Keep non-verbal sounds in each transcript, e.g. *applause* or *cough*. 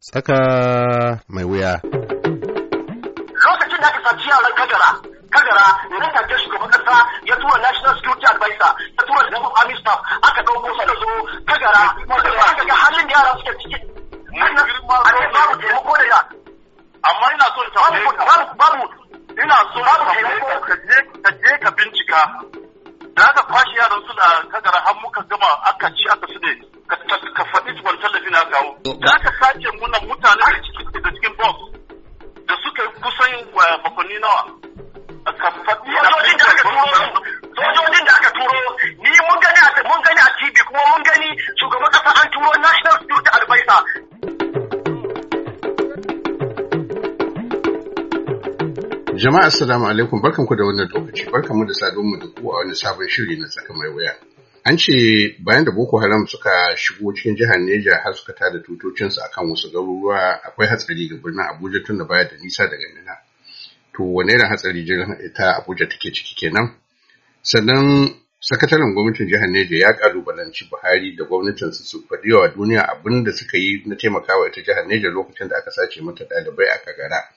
Tsaka mai wuya. Lokacin da aka saci yaran kagara kadara ne ke shugaban kasa ya tura National Security Advisor, ya tura da Army Staff, aka ɗauko sa da su, kadara, wanda aka ga halin da yaran suke ciki. a ne babu taimako da ya. Amma ina so ta babu babu ina so taimako ka je ka bincika. Da aka kwashe yaran su da kadara har muka gama aka ci aka su ne ka faɗi wancan tallafi na kawo. Da aka your national security advisor. Jama'a assalamu alaikum barkanku da wannan lokaci mu da saduwar mu da ku a wani sabon shiri na tsaka mai waya. An ce bayan da Boko Haram suka shigo cikin jihar Neja har suka tada tutocinsu akan wasu garuruwa akwai hatsari ga birnin Abuja tun da baya da nisa daga nuna. To wane irin hatsari jirgin ita Abuja take ciki kenan? Sannan Sakataren gwamnatin jihar Neja ya kalubalanci Buhari da gwamnatinsu su faɗi wa duniya abin da suka yi na taimakawa ita jihar Neja lokacin da aka sace mata ɗalibai a Kagara.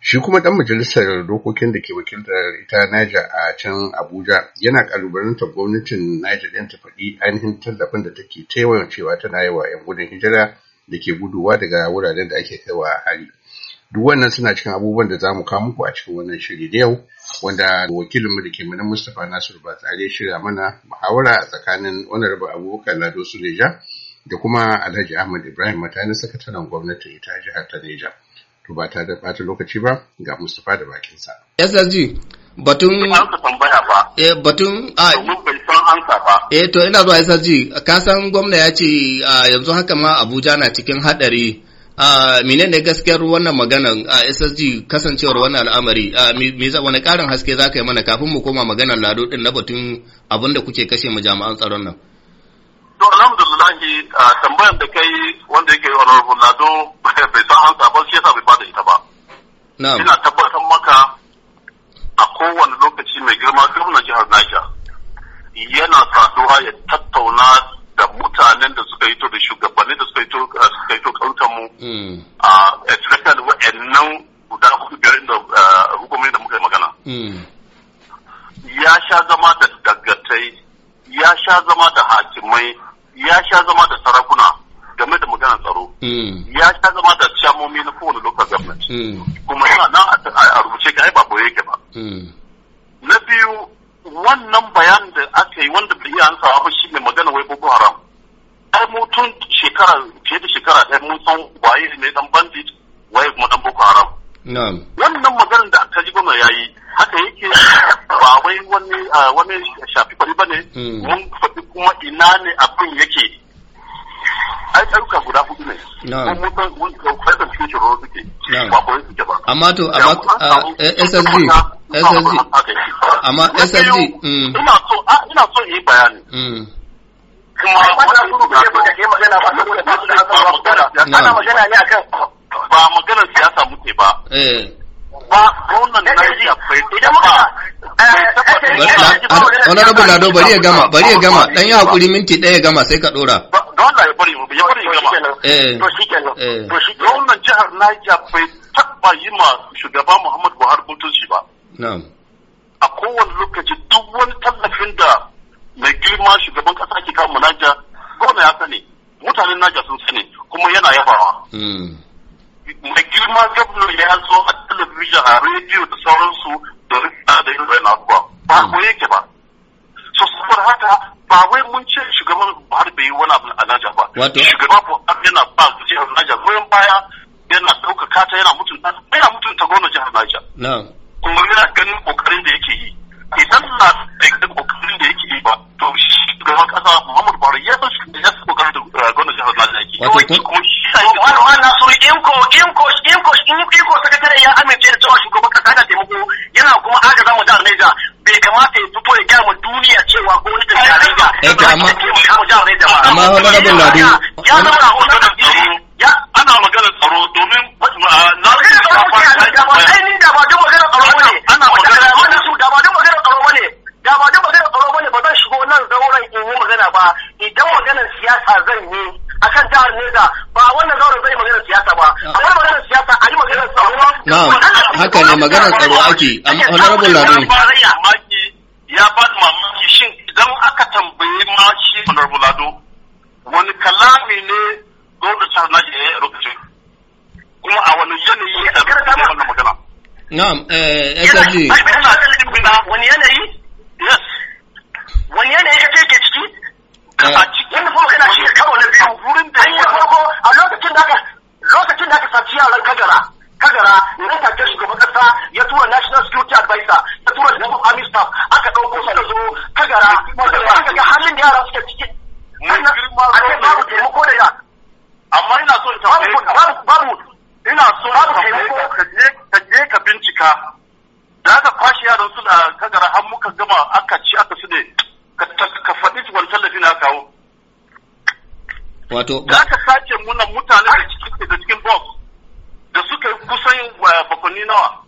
Shi kuma ɗan majalisar dokokin da ke wakiltar ita Naja a can Abuja yana kalubalantar gwamnatin Naja ɗin ta faɗi ainihin tallafin da take taimakawa cewa tana yi wa 'yan gudun hijira da ke guduwa daga wuraren da ake kaiwa hali. duk wannan suna cikin abubuwan da za mu kawo muku a cikin wannan shiri da yau wanda wakilinmu da ke mana mustapha nasiru ba tsare shirya mana muhawara a tsakanin honorable abubakar lado suleja da kuma alhaji ahmad ibrahim matani sakataren gwamnati ita jihar ta neja to ba ta bata lokaci ba ga mustapha da sa. ssg batun eh batun a eh to ina zuwa ssg ka san gwamna ya ce yanzu haka ma abuja na cikin hadari a menene gaskiyar wannan maganan a SSG kasancewar wannan al'amari a me za wani karin haske za ka yi mana kafin mu koma maganar lado din na batun abin da kuke kashe mu jami'an tsaron nan to alhamdulillah tambayar da kai wanda yake honorable lado bai san hansa ba shi yasa bai bada ita ba ina tabbatar maka a kowane lokaci mai girma gwamnan jihar naija yana saduwa ya tattauna da mutanen da suka yi to da shugabanni da suka yi to Mm. a ah, especially wa'annan guda hudu ah, hukumomi da muka yi magana mm. ya sha zama da dagatai ya sha zama da hakimai ya sha zama da sarakuna game da magana tsaro mm. ya sha zama da shamomi na kowane local government kuma yana nan a rubuce ga ba boye yake ba na biyu wannan bayan da aka yi wanda bai iya ansawa ba shi magana wai boko haram ai mu shekara fiye shekara ɗaya mun san waye ne dan bandit waye kuma dan boko haram wannan maganar da ji to amma k'e ana magana ne akan ba maganar siyasa muke ba eh. ba gwamnan Najeriya bai idan muka Lado bari ya gama eh, bari ya gama eh, dan yi hakuri minti ɗaya gama sai ka dora gwamnan ya bari mu ya bari ya gama to shikenan to shi gwamnan jihar Niger bai taba yi ma shugaba Muhammad Buhari mutunci ba na'am a kowane lokaci duk wani tallafin da mai girma shugaban kanmu mu Niger gwamna ya sani mutanen Niger sun sani kuma yana yabawa. Hmm. Mai girma gwamna ya zo a talabijin a rediyo da sauransu da rikta da yin rai na abubuwa ba hmm. ko yake ba. So saboda haka ba wai mun ce shugaban Buhari bai yi wani abu a Niger ba. Shugaban Buhari yana ba su jihar Niger goyon baya yana ɗaukaka ta yana mutunta yana mutunta gwamna jihar Niger. Kuma yana ganin ƙoƙarin da yake yi. Idan na eh, wato kun wani nasu inko ko inko inko sakatare ya amince da cewa shugaban kasa yana taimako yana kuma agaza mu jihar Niger bai kamata ya fito ya gaya mu duniya cewa gwamnatin jihar Niger eh to amma amma honorable Lado ya zama rahoton da ya ana magana tsaro domin na ga tsaro ai ni da ba jihar Neja ba wannan zauren zai magana siyasa ba amma magana siyasa a yi magana tsaro na'am haka ne magana tsaro ake honorable ya ba mamaki shin idan aka tambaye ma shi honorable Lado wani kalami ne na kuma a wani yanayi ya rubuce wannan magana na'am eh wani yanayi yes wani yanayi ya ke ciki eh. aka gama aka ci aka su ne ka faɗi wani tallafi na kawo wato da aka sace muna mutane da cikin da cikin box da suka yi kusan bakonni nawa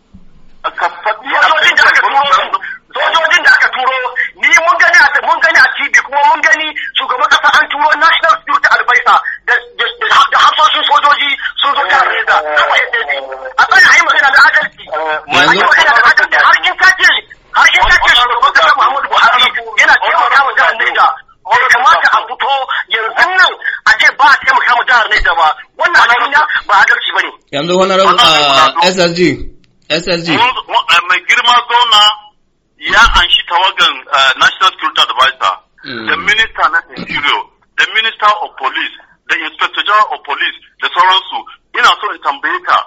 Yanzu wani rabu uh, a SSG. SSG. Eh, mai girma zona ya anshi tawagan eh, National Security Advisor, da hmm. Minister na Interior, da Minister of Police, da Inspector General of Police, da sauransu. Ina so in tambaye ka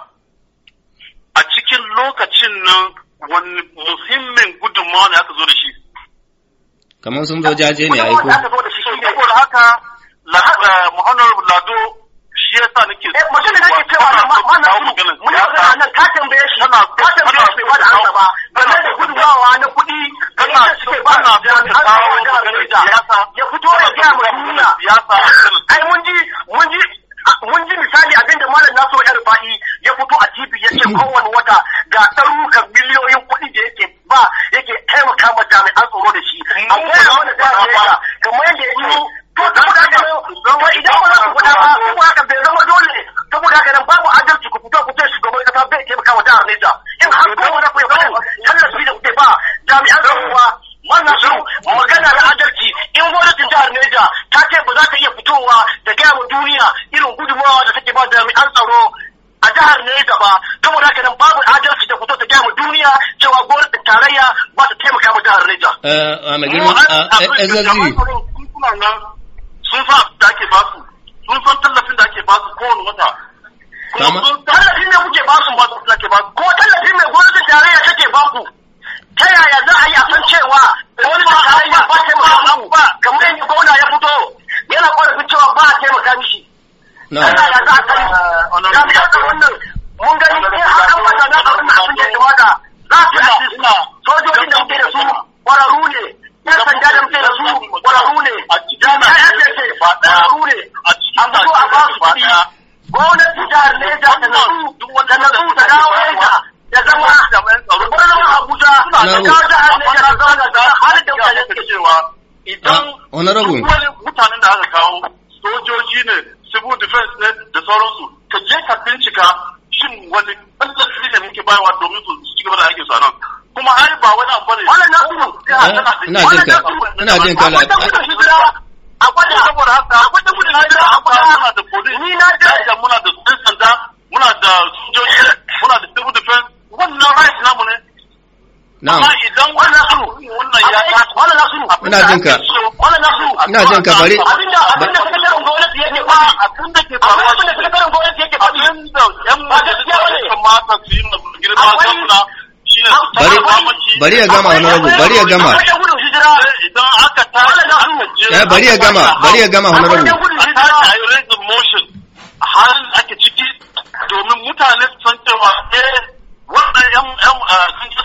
a cikin lokacin nan wani muhimmin gudunmawa ne aka zo da shi. Kamar sun zo jaje ne aiko. Aka zo da shi ne. haka Muhammadu eh, Lado shi yasa nake eh mutum da nake cewa amma wannan mun yi magana nan ka tambaye shi ka tambaye shi ba da ansa ba game da gudunmawa na kuɗi kana suke ba na kawo maganar siyasa ya fito ya ga mu duniya siyasa ai mun ji mun ji mun ji misali abinda malam Nasiru Rufa'i ya fito a TV ya ce *laughs* kowanne wata ga ɗarukan hakan bai zama dole saboda haka nan babu adalci ku fito ku ce shugaban kasa bai taimaka wa jihar Niger in har ko wani ku tallafi da ba jami'an tsaro wannan su magana na adalci in gwamnatin jihar Niger ta ce ba za ta iya fitowa da gaya wa duniya irin gudunmawa da take ba jami'an tsaro a jihar Niger ba saboda haka nan babu adalci da fito ta gaya wa duniya cewa gwamnatin tarayya ba ta taimaka wa jihar Niger. kama tallafi ne kuke ba su ba su take ba ko tallafi mai gwamnatin tarayya take ba ku ta yaya za a yi a san cewa gwamnatin tarayya ba ta maka ba kamar yadda gwamna ya fito yana korafin cewa ba a taimaka mishi na yaya za a sani jami'an tsaron mun gani ne har an fata na abin da abin da za su yi sojojin da muke da su kwararru ne yan sanda da muke da su ne ne a jihar Neja ta nasu ta nasu ta dawo Neja da zama bar zama Abuja ta kawo jihar Neja ta zama da zama da mutane suke cewa idan ah, mutanen da aka kawo sojoji ne civil defense ne da sauransu ka je ka bincika shin wani tallafi ne muke bayarwa domin su ci gaba da aikin su nan kuma ai ba wani abu ne wannan nasu eh, ina jin ka ina jin ka akwai da saboda haka akwai da gudun hijira akwai da muna da kudi ni na da da muna da sojoji muna da civil defense wannan namu ne amma idan wannan ya ina jin ka ina jin ka bari abinda abinda sakataren gwamnati yake ba abinda ke abinda gwamnati yake ba yan kamata su yi girma bari bari ya gama honorable bari ya gama idan aka bari ya gama bari ya gama honorable eh wannan yan yan ah, sun ci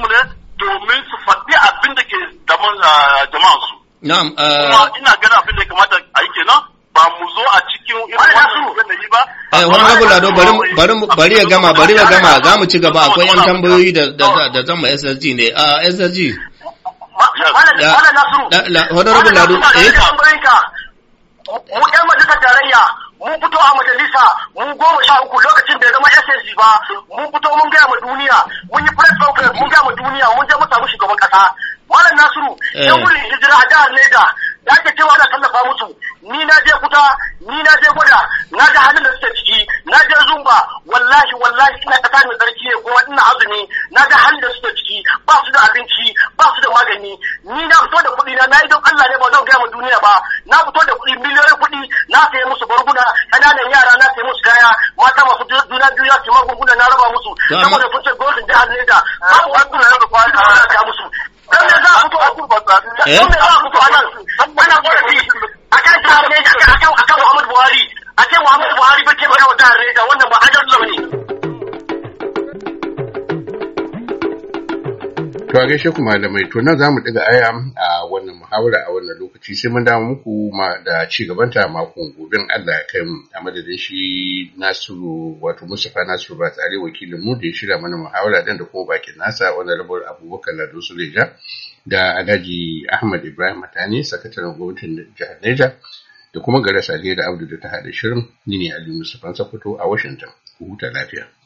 mu ne domin su faɗi abin da ke zaman ah, jama'an su na'am ah, kuma ina ganin abin da ya kamata a yi kenan ba mu zo a cikin irin wannan yanayi ba eh wani abu lado bari bari ya gama bari ya gama za mu ci gaba akwai ƴan tambayoyi da zan ma SSG ne a SSG Honorable Lado, eh? Mu ƴan majalisar tarayya mun fito a majalisa mun goma sha uku lokacin da ya zama SSG ba mun fito mun gaya ma duniya mun yi press conference mun gaya ma duniya mun je mun samu shugaban kasa malam Nasiru eh. ya wurin hijira a jihar Leda ya ke cewa ana tallafa musu ni na je kuta ni na je gwada na ga halin da suke ciki na je zumba wallahi wallahi ina kasa mai tsarki ne kuma ina azumi na ga halin da suke ciki ba su da abinci ba su da magani ni na fito da kuɗi na na yi don Allah ne ba zan gaya ma duniya ba na fito saboda kun ce gwamnatin jihar Niger babu wani da yanzu kwana da ana ga musu don ne za a fito a kurba tsafi eh? don ne za a fito a nan ana a kan jihar Niger akan akan Muhammad Buhari a ce Muhammad Buhari bai taimaka wa jihar Niger wannan ba a adalci ne To a gaishe ku da mai nan za mu ɗaga aya a wannan muhawara a wannan lokaci sai mun dawo muku da ci gabanta makon gobe Allah ya kai mu a madadin shi Nasiru wato Mustapha Nasiru ba tsare wakilin mu da ya shirya mana muhawara dan da kuma bakin nasa wani rabar Abubakar Lado Suleja da Alhaji Ahmad Ibrahim Matani sakataren gwamnatin jihar Neja da kuma Garasa da Abdu da ta haɗa shirin ni ne Ali Mustapha Sokoto a Washington ku huta lafiya